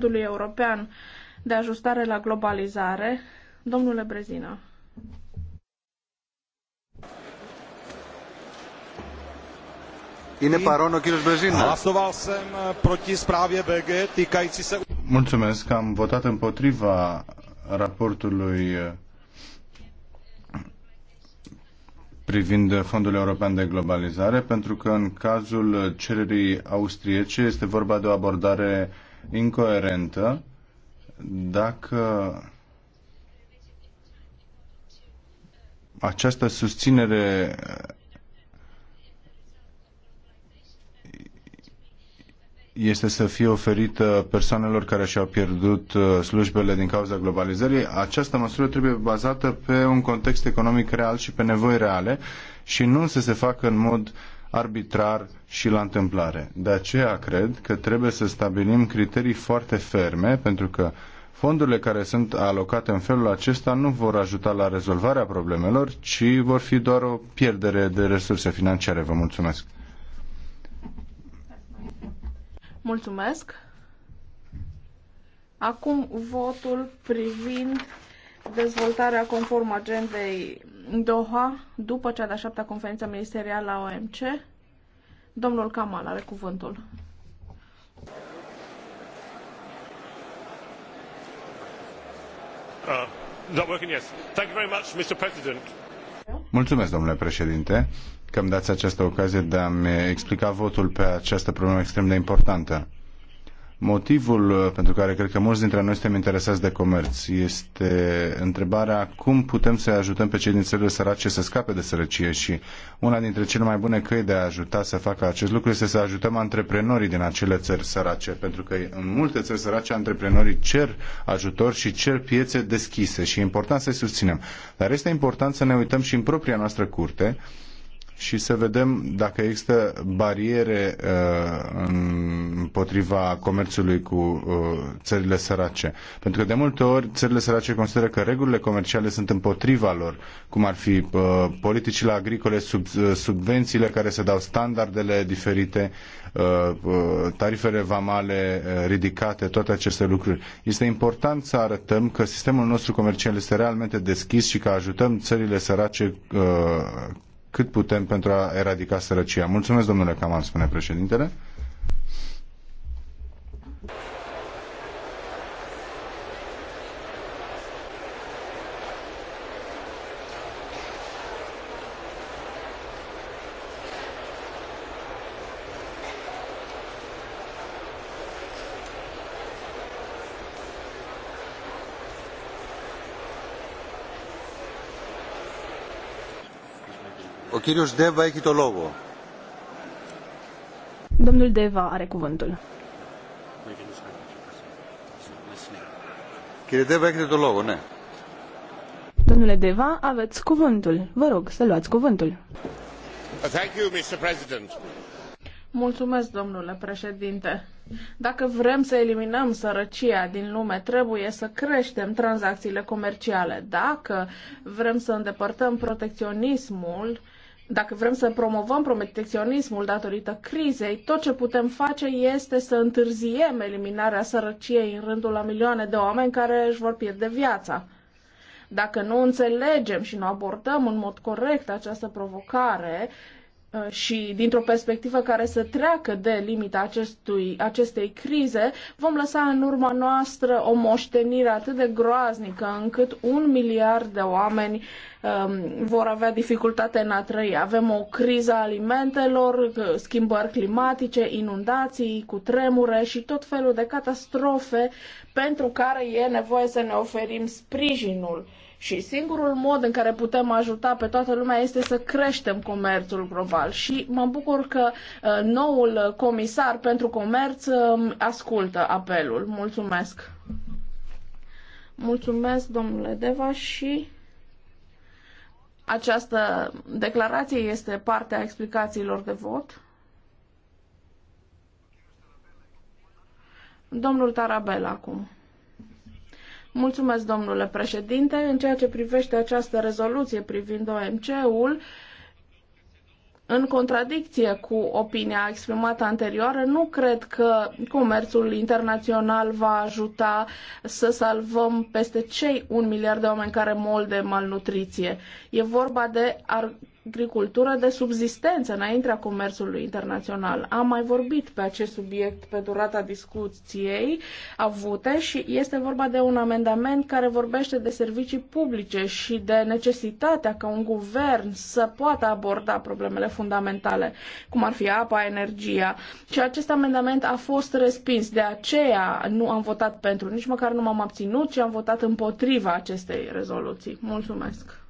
Fondului European de Ajustare la Globalizare. Domnule Brezina. Hlasoval jsem eh, BG se... Mulțumesc, am votat împotriva raportului eh, privind Fondul European de Globalizare, pentru că în cazul cererii austriece este vorba de o abordare incoerentă dacă această susținere este să fie oferită persoanelor care și-au pierdut uh, slujbele din cauza globalizării. Această măsură trebuie bazată pe un context economic real și pe nevoi reale și nu să se facă în mod uh, arbitrar și la întâmplare. De aceea cred că trebuie să stabilim criterii foarte ferme, pentru că fondurile care sunt alocate în felul acesta nu vor ajuta la rezolvarea problemelor, ci vor fi doar o pierdere de resurse financiare. Vă mulțumesc! Mulțumesc! Acum votul privind dezvoltarea conform agendei Doha după cea de-a șaptea conferință ministerială a OMC. Domnul Kamal are cuvântul. Uh, Mulțumesc, domnule președinte, că îmi dați această ocazie de a-mi explica votul pe această problemă extrem de importantă. Motivul uh, pentru care cred că mulți dintre noi suntem interesați de comerț este întrebarea cum putem să ajutăm pe cei din țările sărace să scape de sărăcie și una dintre cele mai bune căi de a ajuta să facă acest lucru este să ajutăm antreprenorii din acele țări sărace, pentru că în multe țări sărace antreprenorii cer ajutor și cer piețe deschise și e important să-i susținem. Dar este important să ne uităm și în propria noastră curte și să vedem dacă există bariere uh, împotriva comerțului cu uh, țările sărace. Pentru că de multe ori țările sărace consideră că regulile comerciale sunt împotriva lor, cum ar fi uh, politicile agricole, sub, subvențiile care se dau, standardele diferite, tarifele vamale ridicate, toate aceste lucruri. Este important să arătăm că sistemul nostru comercial este realmente deschis și că ajutăm țările sărace cât putem pentru a eradica sărăcia. Mulțumesc, domnule Caman, spune președintele. κύριος Domnul Deva are cuvântul. Κύριε Deva, έχετε το λόγο, Domnule Deva, aveți cuvântul. Vă rog să luați cuvântul. Thank you, Mr. President. Mulțumesc, domnule președinte. Dacă vrem să eliminăm sărăcia din lume, trebuie să creștem tranzacțiile comerciale. Dacă vrem să îndepărtăm protecționismul, dacă vrem să promovăm protecționismul datorită crizei, tot ce putem face este să întârziem eliminarea sărăciei în rândul la milioane de oameni care își vor pierde viața. Dacă nu înțelegem și nu abordăm în mod corect această provocare, Uh, și dintr-o perspectivă care să treacă de limita acestui, acestei crize, vom lăsa în urma noastră o moștenire atât de groaznică încât un miliard de oameni um, vor avea dificultate în a trăi. Avem o criză alimentelor, uh, schimbări climatice, inundații, cu tremure și tot felul de catastrofe pentru care e nevoie să ne oferim sprijinul și singurul mod în care putem ajuta pe toată lumea este să creștem comerțul global. Și mă bucur că uh, noul comisar pentru comerț um, ascultă apelul. Mulțumesc! Mulțumesc, domnule Deva, și această declarație este parte a explicațiilor de vot. Domnul Tarabel acum. Mulțumesc, domnule președinte. În ceea ce privește această rezoluție privind OMC-ul, în contradicție cu opinia exprimată anterioară, nu cred că comerțul internațional va ajuta să salvăm peste cei un miliard de oameni care mol de malnutriție. E vorba de agricultură de subzistență înaintea comerțului internațional. Am mai vorbit pe acest subiect pe durata discuției avute și este vorba de un amendament care vorbește de servicii publice și de necesitatea ca un guvern să poată aborda problemele fundamentale, cum ar fi apa, energia. Și acest amendament a fost respins. De aceea nu am votat pentru, nici măcar nu m-am abținut, ci am votat împotriva acestei rezoluții. Mulțumesc!